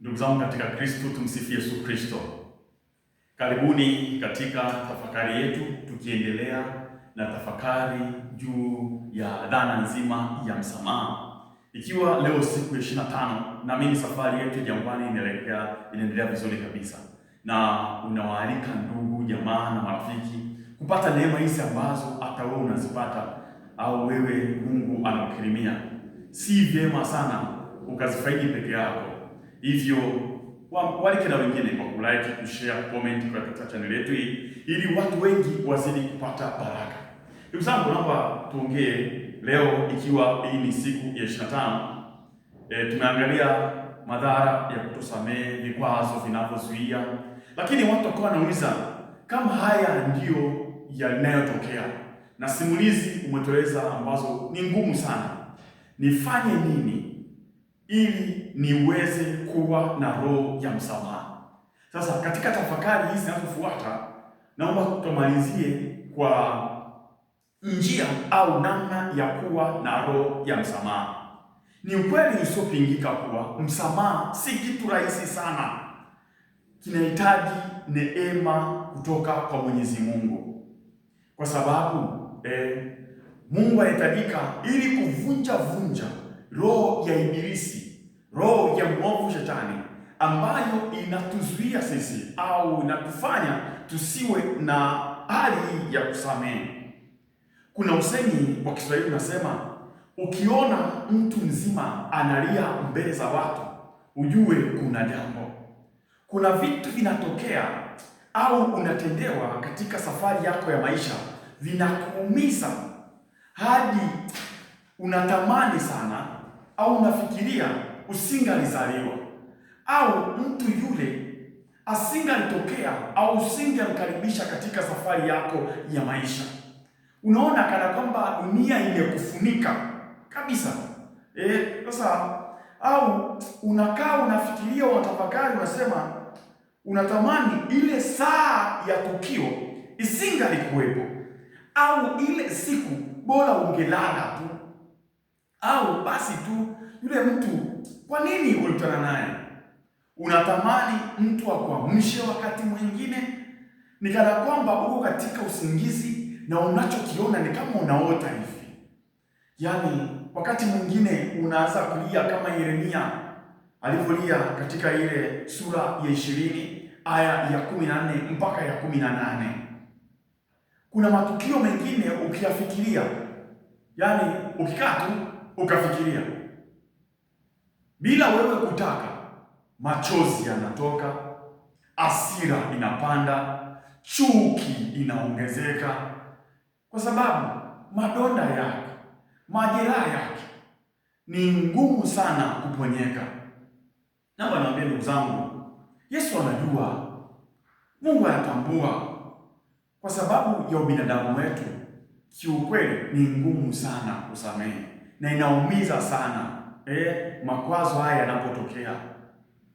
Ndugu zangu katika Kristo, tumsifie Yesu Kristo. Karibuni katika tafakari yetu, tukiendelea na tafakari juu ya dhana nzima ya msamaha, ikiwa leo siku ya ishirini na tano. Na mimi safari yetu jangwani inaelekea inaendelea vizuri kabisa, na unawaalika ndugu, jamaa na marafiki kupata neema hizi ambazo hata wewe unazipata au wewe Mungu anakukirimia. Si vyema sana ukazifaidi peke yako Hivyo walike na wengine kwa kulike, kushare, comment katika channel yetu hii ili watu wengi wazidi kupata baraka. Ndugu zangu, naomba tuongee leo, ikiwa hii ni siku ya 25 e, eh, tumeangalia madhara ya kutosamehe, vikwazo vinavyozuia, lakini watu wakawa wanauliza kama haya ndiyo yanayotokea na simulizi umetoleza ambazo ni ngumu sana, nifanye nini ili niweze kuwa na roho ya msamaha. Sasa katika tafakari hizi zinazofuata, naomba tumalizie kwa njia au namna ya kuwa na roho ya msamaha. Ni ukweli usiopingika kuwa msamaha si kitu rahisi sana, kinahitaji neema kutoka kwa Mwenyezi Mungu, kwa sababu eh, Mungu anahitajika ili kuvunja vunja roho ya Ibilisi roho ya mwovu shetani ambayo inatuzuia sisi au inatufanya tusiwe na hali ya kusamehe. Kuna usemi wa Kiswahili unasema, ukiona mtu mzima analia mbele za watu ujue kuna jambo, kuna vitu vinatokea au unatendewa katika safari yako ya maisha vinakuumiza hadi unatamani sana au unafikiria usingalizaliwa au mtu yule asingalitokea au usingemkaribisha katika safari yako ya maisha. Unaona kana kwamba dunia imekufunika kabisa. Eh, sasa e, au unakaa unafikiria, unatafakari, unasema unatamani ile saa ya tukio isingalikuwepo, au ile siku bora ungelala tu au basi tu yule mtu, kwa nini ulikutana naye? Unatamani mtu akuamshe wakati mwingine, ni kana kwamba uko katika usingizi na unachokiona ni kama unaota hivi. Yaani wakati mwingine unaanza kulia kama Yeremia alivyolia katika ile sura ya ishirini aya ya kumi na nne mpaka ya kumi na nane. Kuna matukio mengine ukiyafikiria, yaani ukikaa tu ukafikiria bila wewe kutaka. Machozi yanatoka, asira inapanda, chuki inaongezeka, kwa sababu madonda yake, majeraha yake ni ngumu sana kuponyeka. Naomba niwaambie ndugu zangu, Yesu anajua, Mungu anatambua, kwa sababu ya ubinadamu wetu kiukweli ni ngumu sana kusamehe na inaumiza sana eh, makwazo haya yanapotokea.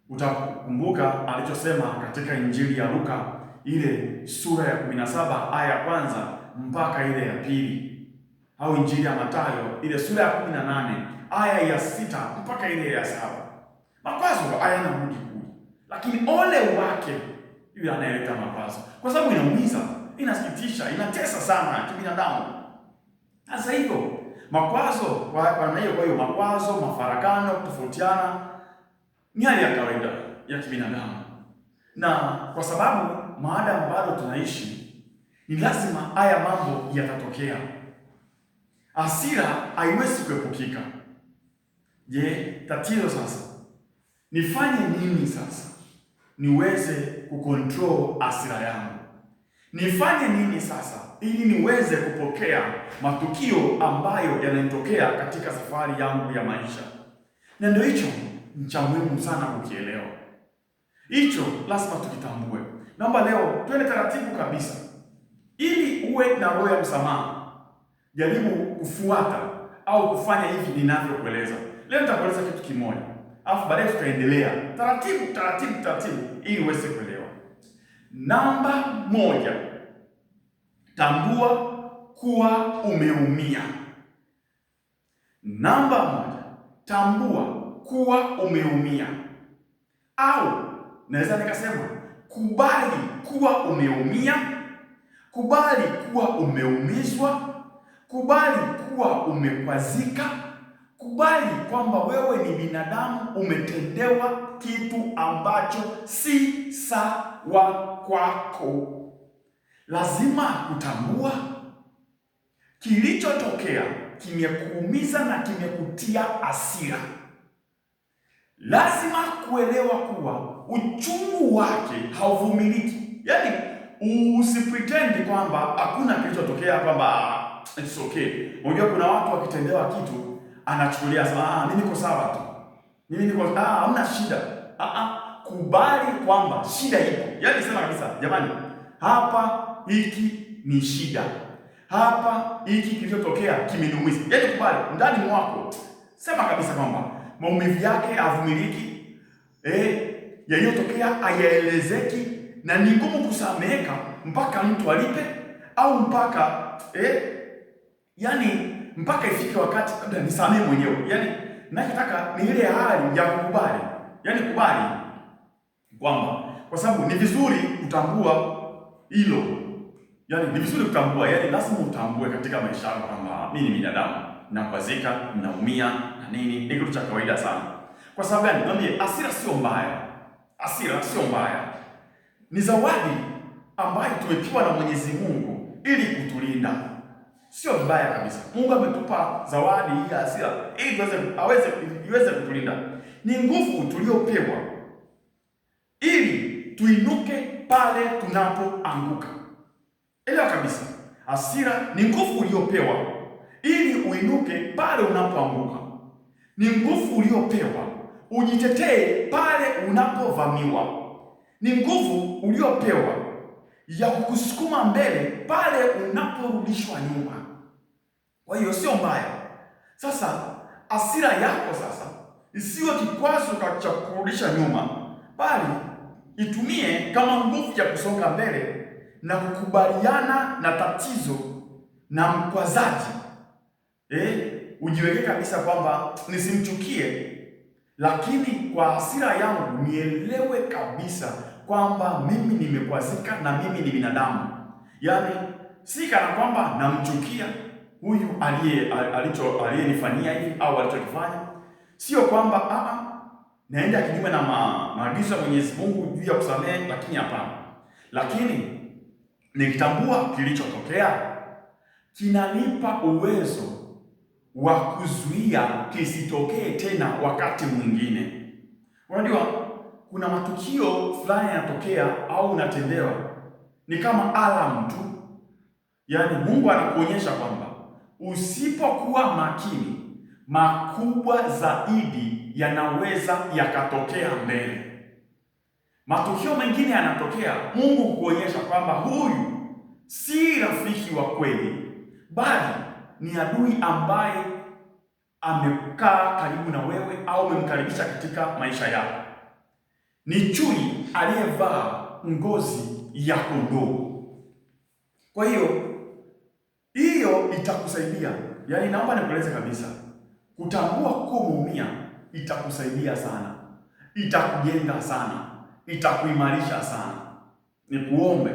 Utakumbuka alichosema katika Injili ya Luka ile sura ya 17 aya ya kwanza mpaka ile ya pili, au Injili ya Mathayo ile sura ya 18 aya ya sita mpaka ile ya saba. Makwazo hayana budi kuja, lakini ole wake yule anayeleta makwazo, kwa sababu inaumiza, inasikitisha, inatesa sana kibinadamu. Sasa hivyo Makwazo kwa namna hiyo, kwa hiyo makwazo, mafarakano, kutofautiana ni hali ya kawaida ya kibinadamu, na kwa sababu maada bado tunaishi, ni lazima haya mambo yatatokea. Hasira haiwezi kuepukika. Je, tatizo sasa nifanye nini sasa niweze kucontrol hasira yangu? Nifanye nini sasa ili niweze kupokea matukio ambayo yanatokea katika safari yangu ya maisha? Na ndio hicho ni cha muhimu sana kukielewa, hicho lazima tukitambue. Naomba leo twende taratibu kabisa, ili uwe na roho ya msamaha. Jaribu kufuata au kufanya hivi ninavyokueleza leo. Nitakueleza kitu kimoja, alafu baadaye tutaendelea taratibu taratibu taratibu, ili uweze kuelewa. Namba moja, tambua kuwa umeumia. Namba moja, tambua kuwa umeumia, au naweza nikasema kubali kuwa umeumia, kubali kuwa umeumizwa, kubali kuwa umekwazika Kubali kwamba wewe ni binadamu, umetendewa kitu ambacho si sawa kwako. Lazima kutambua kilichotokea kimekuumiza na kimekutia hasira. Lazima kuelewa kuwa uchungu wake hauvumiliki, yaani usipretend kwamba hakuna kilichotokea, kwamba it's okay. Unajua kuna watu wakitendewa kitu anachukulia sawa, ah, mimi niko sawa tu, mimi niko ah, hamna shida. Ah, ah, kubali kwamba shida ipo. Yaani sema kabisa, jamani, hapa hiki ni shida, hapa hiki kilichotokea kimeniumiza. Yaani kubali ndani mwako, sema kabisa kwamba maumivu yake avumiliki, eh, yaliyotokea hayaelezeki na ni ngumu kusameheka mpaka mtu alipe au mpaka eh, yani mpaka ifike wakati labda nisamee mwenyewe. Yaani ninachotaka ni ile hali ya kukubali, yaani kubali kwamba, kwa sababu ni vizuri kutambua hilo, yaani ni vizuri kutambua, yaani lazima utambue katika maisha yako kwamba mimi ni binadamu, nakwazika, naumia na nini, ni kitu cha kawaida sana. Kwa sababu gani? Niambie, hasira sio mbaya, hasira sio mbaya, ni zawadi ambayo tumepewa na Mwenyezi Mungu ili kutulinda sio mbaya kabisa. Mungu ametupa zawadi hii ya hasira ili tuweze aweze iweze kutulinda. Ni nguvu tuliyopewa ili tuinuke pale tunapoanguka. Elewa kabisa, hasira ni nguvu uliyopewa ili uinuke pale unapoanguka. Ni nguvu uliyopewa ujitetee pale unapovamiwa. Ni nguvu uliyopewa ya kukusukuma mbele pale unaporudishwa nyuma. Kwa hiyo sio mbaya. Sasa asira yako sasa isiwe kikwazo cha kurudisha nyuma, bali itumie kama nguvu ya kusonga mbele na kukubaliana na tatizo na mkwazaji. Eh, ujiweke kabisa kwamba nisimchukie, lakini kwa hasira yangu nielewe kabisa kwamba mimi nimekwazika na mimi ni binadamu, yaani si kana kwamba namchukia huyu aliye alicho aliyenifanyia hivi au alichokifanya, sio kwamba a naenda kinyume na maagizo ya Mwenyezi Mungu juu ya kusamehe, lakini hapana, lakini nikitambua kilichotokea kinanipa uwezo wa kuzuia kisitokee tena wakati mwingine. Unajua kuna matukio fulani yanatokea au unatendewa, ni kama alarm tu, yaani Mungu anakuonyesha kwamba usipokuwa makini, makubwa zaidi yanaweza yakatokea mbele. Matukio mengine yanatokea, Mungu kuonyesha kwamba huyu si rafiki wa kweli, bali ni adui ambaye amekaa karibu na wewe au umemkaribisha katika maisha yako ni chui aliyevaa ngozi ya kondoo. Kwa hiyo hiyo itakusaidia, yaani naomba nikueleze kabisa, kutambua kuumia itakusaidia sana, itakujenga sana, itakuimarisha sana. Nikuombe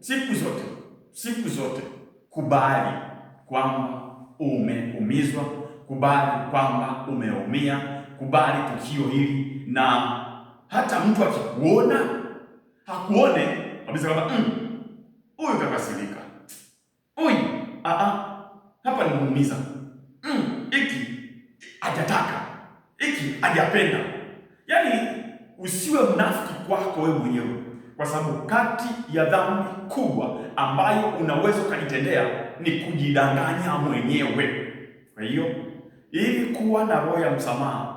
siku zote, siku zote kubali kwamba umeumizwa, kubali kwamba umeumia, kubali tukio hili na hata mtu akikuona hakuone kabisa kama mm, huyu mm, kakasirika, huyu hapa nimuumiza, mm, hiki mm, hajataka hiki hajapenda. Yaani usiwe mnafiki kwako wewe mwenyewe, kwa sababu kati ya dhambi kubwa ambayo unaweza ukajitendea ni kujidanganya mwenyewe. Kwa hiyo ili kuwa na roho ya msamaha,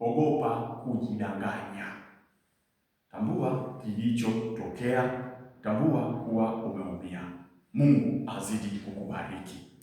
ogopa kujidanganya. Tambua kilichotokea, tambua kuwa umeumia. Mungu azidi kukubariki.